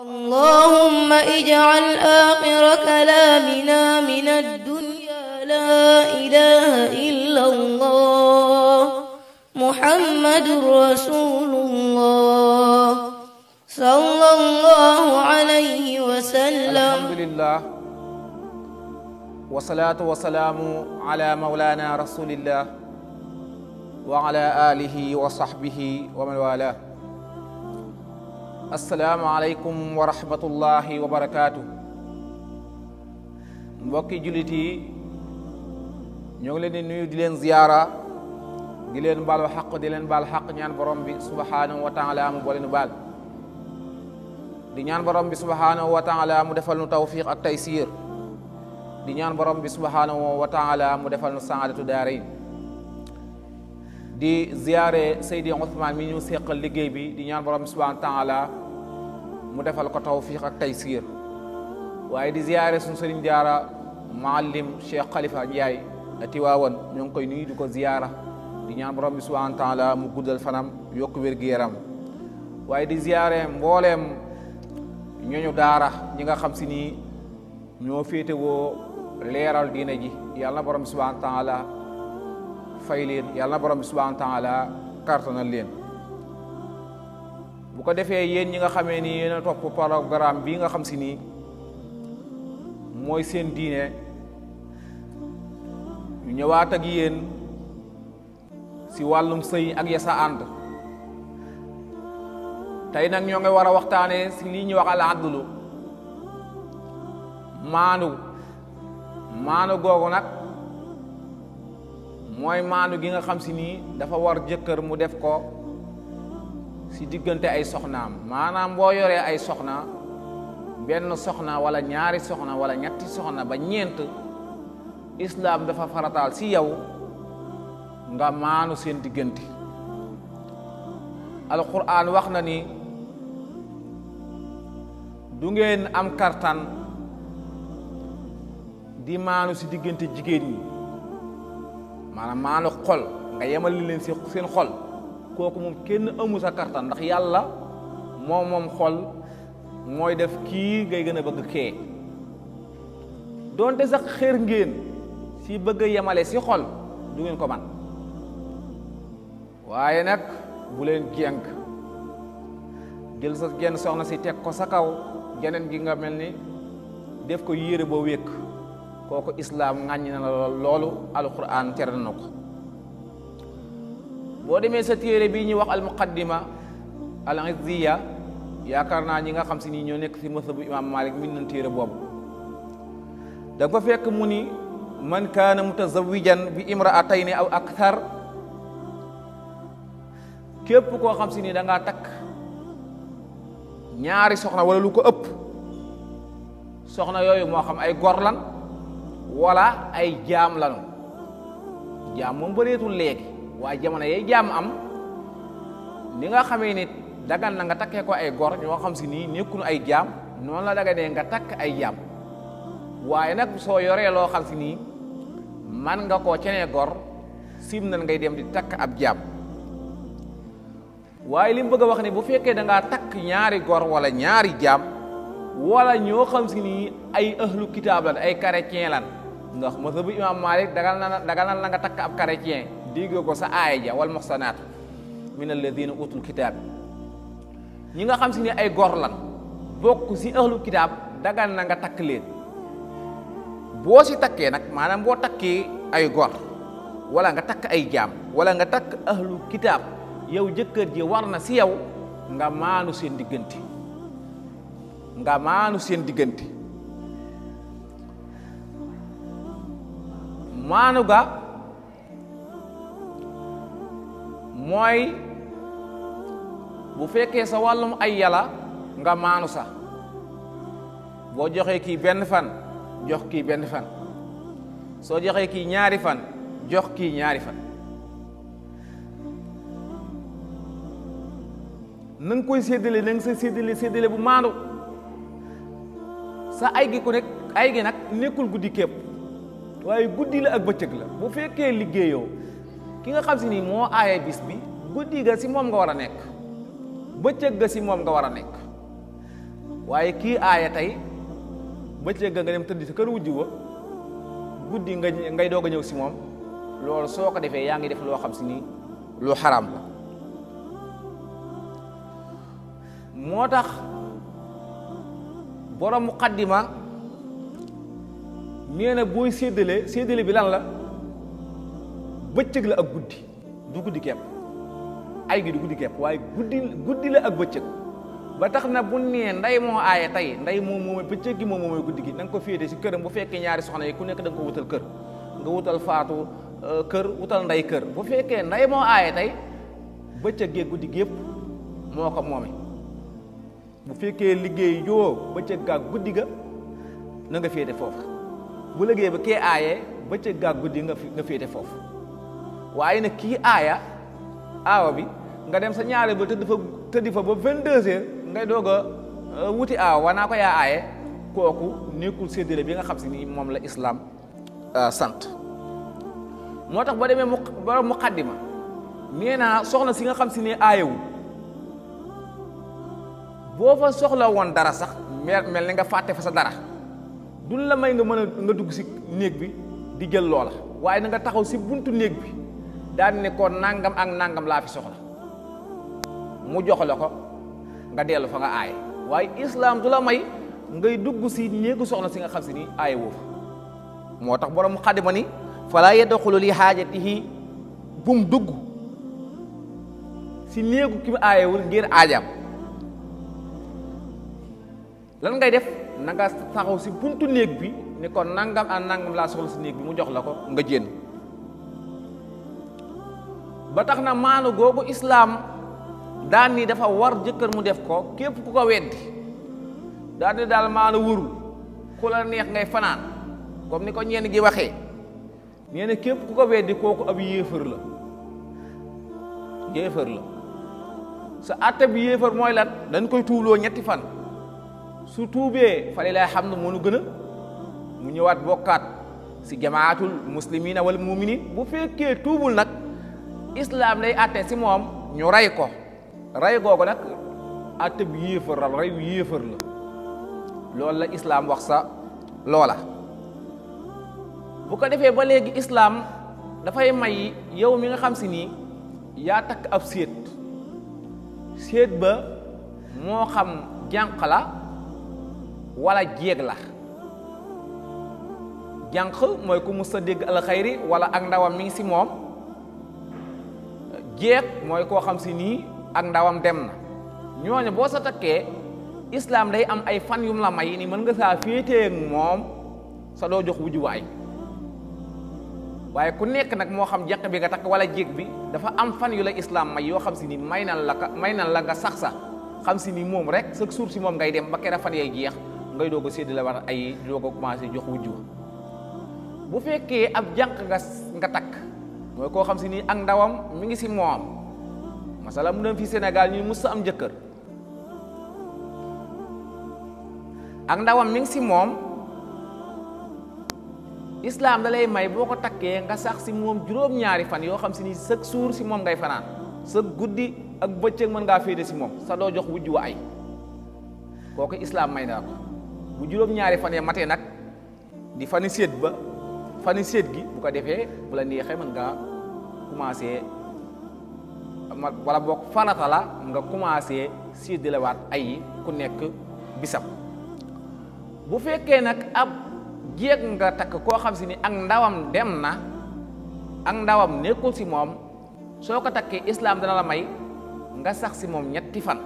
اللهم اجعل آخر كلامنا من الدنيا لا إله إلا الله محمد رسول الله صلى الله عليه وسلم الحمد لله والصلاة والسلام على مولانا رسول الله وعلى آله وصحبه ومن والاه asalaamu aleykum wa rahmatullahi wa barakaatu mbokki jullit yi ñoo ngi leen di nuyu di leen ziyaara di leen baal xaq di leen baal xaq ñaan borom bi subhaanahu wa taala mu boole nu baal di ñaan borom bi subhaanahu wa taala mu defal nu tawfiq ak taysiir di ñaan borom bi subhaanahu wa taala mu defal nu saadatu daarayn di ziyaare Seydi Ousmane mi ñu seqal liggéey bi di ñaan borom bi subhaanahu wa taala mu defal ko tawfiq ak taysiir waaye di ziyaare suñu sëriñ jaara muallim cheikh xalifa njaay a tiwaawan ñoo ngi koy nuyu di ko ziyaara di ñaan borom bi subhanahu wa taala mu guddal fanam yokk wér-gu-yaram waaye di ziyaare mbooleem ñooñu daara ñi nga xam si nii ñoo féetewoo leeral diine ji yàlla borom subhanahu wa taala fay yàlla borom subhanahu wa taala kartanal leen bu ko defé yeen ñi nga xamé ni yeena top programme bi nga xam si ni moy seen diiné ñu ñëwaat ak yeen si walum sey ak yasa and tay nak ñoo nga wara a si lii wax al adlu manu manu gogo nak moy manu gi nga xam si ni dafa war jëkkeer mu def ko si diggante ay soxnaam maanaam boo yoree ay soxna benn soxna wala ñaari soxna wala ñetti soxna ba ñeent islaam dafa farataal si yow nga maanu seen diggante alquran wax na ni du ngeen am kartan di maanu si diggante jigéen ñi maanaam maanu xol nga yemal leen si seen xol kooku moom kenn amu sa kartan ndax yàlla moo moom xol mooy def kii ngay gën bëgg kee doonte sax xër ngeen si bëgg yemale si xol du ngeen ko man waaye nag bu leen jéng jël sa genn soxna si teg ko sa kaw geneen gi nga mel ni def ko yére boo wékk kooku islaam ŋàññ na la loolu alquran tere na ko bo démé sa téré bi ñuy wax al muqaddima al izziya ya naa ñi nga xam ci ni ñoo nekk ci masabu imam malik min nañ téré bobu da nga fekk mu ni man kana mutazawijan bi imraatayni aw akthar képp ko xam ci ni da nga tak ñaari soxna wala lu ko ëpp soxna yoyu mo xam ay gor lan wala ay jaam lanu jaam mo bëreetul léegi waaye ya, jamono yay jaam am ni nga xamee ya ni dagan na nga takkee ko ay gor ñoo xam si nii nekkunu ay jaam noonu la daganee nga takk ay jaam waaye nag soo yoree loo xam si nii man nga koo cenee ya gor sim na ngay dem di tak ab jaam waaye li mu bëgg a wax ni bu fekkee da ngaa takk ñaari gor wala ñaari jam, wala ñoo xam si nii ay ahlu kitaab lan ay chrétien lan ndax mazhabu imam malik dagal na dagal na la nga takk ab chrétien dégg ko sa aaya ja wal muxsanaat min alladina utul kitaab ñi nga xam si ne ay gor lan bokk si ahlu kitaab dagal na nga takk leen boo si takkee nag maanaam boo takkee ay gor wala nga takk ay jaam wala nga takk ahlu kitaab yow jëkkër ji war na si yow nga maanu seen diggante nga maanu seen diggante maanu ga mooy bu fekkee sa wàllum ay yàlla nga maanu sa boo joxee kii benn fan jox kii benn fan soo joxee kii ñaari fan jox kii ñaari fan na koy séddale na nga sa séddale séddale bu maandu sa ay gi ku nekk ay gi nag nekkul guddi képp waaye guddi la ak bëccëg la bu fekkee liggéeyoo ki nga xam si ni moo aaye bis bi guddi ga si moom nga war a nekk bëccëg ga si moom nga war a nekk waaye kii aaye tey bëccëg ga nga dem tëdd sa kër wujj wa guddi nga ngay doog a ñëw si moom loolu soo ko defee yaa def loo xam si ni lu xaraam la moo tax borom muqaddima nee na booy séddale bi lan la bëccëg la ak guddi du guddi kepp ay gi du guddi kepp waaye guddi guddi la ak bëccëg ba tax na bu nee nday moo aaye tey ndey moom moomay bëccëg gi moom moomay guddi gi danga nga ko féete si këram bu fekkee ñaari soxna yi ku nekk da ko wutal kër nga wutal faatu euh, kër wutal nday kër bu fekkee nday moo aaye tey bëccëg gee guddi gi yëpp moo ko moome bu fekkee liggéey joo bëccëg gaa guddi ga nanga nga féete foofu bu liggéey ba kee aayee bëccëg gaa guddi nga féete foofu waaye nag kii aaya aawa bi nga dem sa ñaare ba tëdd fa tëddi fa ba vingt deux heures ngay doog a euh, wuti aawa wanaa ko yaa aaye kooku nekkul séddale bi nga xam si ni moom la islaam euh, sant moo tax boo demee mu borom muqaddima nee naa soxna si nga xam si ne aayewul boo fa soxla woon dara sax mel ni nga fàtte fa sa dara dun la may nga mën a nga dugg si néeg bi di jël loola waaye na nga taxaw si buntu néeg bi Dan ne ko nangam ak nangam la fi soxla mu jox la ko nga delu fa nga ay way islam dula may ngay dugg si neegu soxla si nga xam si ni aaye woo fa borom xadima ni fala yadkhulu li hajatihi bum dugg si neegu ki ay wul ngir ajam lan ngay def nga taxaw si buntu neeg bi ni ko nangam ak nangam la soxla si neeg bi mu jox la ko nga jenn ba malu, na maanu Islam, dan ni dafa war jëkkër mu def ko képp ku ko weddi dal ni dal manu wuru ku la neex ngay fanan comme ni ko ñen gi waxee nee na képp ku ko weddi koku ab yéefar la yéefar la sa atte bi yéefar moy lan dañ koy tuulo ñetti fan su tuubee fa lay xam ne nu gëna mu ñëwaat bokkat si jamaatul muslimina wal muminin bu fekke tuubul nak Islam lay até si mom ñu ray ko ray gogo nak até bi yéferal ray wi yéfer la lool la islam wax sa loola bu ko défé ba islam da fay may yow mi nga xam ci ni ya tak ab sét sét ba mo xam jankala wala jéeg la jànq moy ku musa a khairi wala ak ndawam mi ngi si mom jeeg moy ko xam si ni ak ndawam dem na ñooñu bo sa takke islam day am ay fan yum la may ni mën nga sa féetee ak mom sa do jox way waye ku nekk nak mo xam jaq bi nga tak wala jek bi dafa am fan yu la islam may yo xam si ni maynal la may nan la nga sax sax xam si ni mom rek sa sur si mom ngay dem ba kera fan yay jeex ngay dogo a la war ay dogo a commencé jox wuju bu fekke ab jank nga nga tak moy ko xam si ni ak ndawam mi ngi si moom masala mu dem fi Sénégal ñu musa am jëkkër ak ndawam mi ngi si moom islam da lay may boo ko takkee nga sax si moom juróom-ñaari fan yoo xam si ni chaque jour si moom ngay fanaan sa guddi ak bëccëg mën ngaa féete si moom sa doo jox wujj wa ay kooku islam may na ko bu juróom-ñaari fan ya matee nag di fani séet ba fani set gi bu ko defé bu la e nexé man nga commencé wala bok fanata la nga commencé wat ay ku nek bisab bu fekkee nak ab jéeg nga tak ko xam si ni ak ndawam dem na ak ndawam nekul si mom soko ko islam dana la may nga sax si mom ñetti fan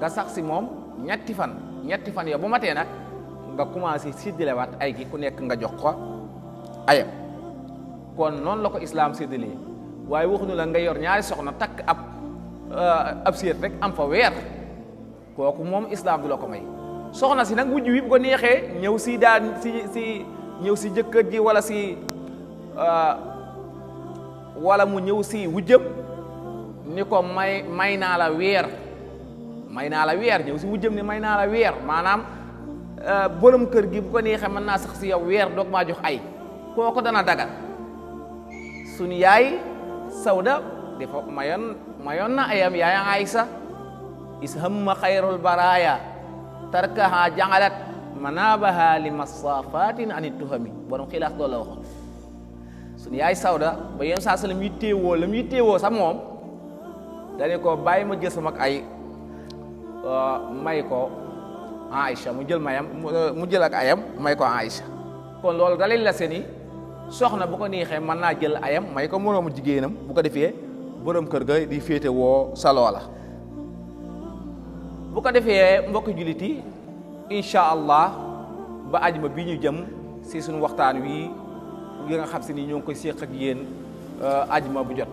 nga sax si mom ñetti fan ñetti fan yo bu maté nak nga commencé wat ay gi ku nek nga jox ko ayam kon noonu la ko islaam séddalee waaye nu la nga yor ñaari soxna takk ab euh, ab séet rek am fa weer kooku moom islaam du la ko may soxna si nag wujj wi bu ko neexee ñëw si daan si si ñëw si jëkkër ji wala si euh, wala mu ñëw si wujjëm ni ko may may naa la weer may naa la weer ñëw si wujjëm ni may naa la weer maanaam euh, borom kër gi bu ko neexee mën naa sax si yow weer doog maa jox ay kooku dana dagan Suni sauda Sauda, dafa mayon mayon na ayam yaayam Aisyah ishamma khairul baraya ha jangalat manabaha limasafatin ani tuhami borom khilaf do la wax suñu yayi sauda ba yéen sa salam yitteewoo lam yitteewoo sa mom dane uh, ko bayima mak ay may ko Aïcha mu jël mayam mu jël ak ayam may ko Aisyah. kon loolu dalil la seni soxna bu ko nexé man na jël ayam may ko morom jigéenam bu ko défé borom kër ga di fété wo sa lola bu ko défé mbokk juliti inshallah ba ajma bi ñu jëm ci suñu waxtaan wi gi nga xam ni ñu ngi koy séx ak yeen ajma euh, bu jot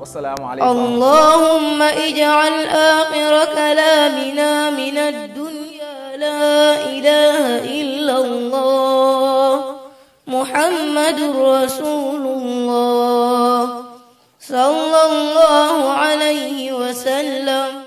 wassalamu alaykum allahumma ij'al akhira kalamina min ad-dunya la ilaha illa allah محمد رسول الله صلى الله عليه وسلم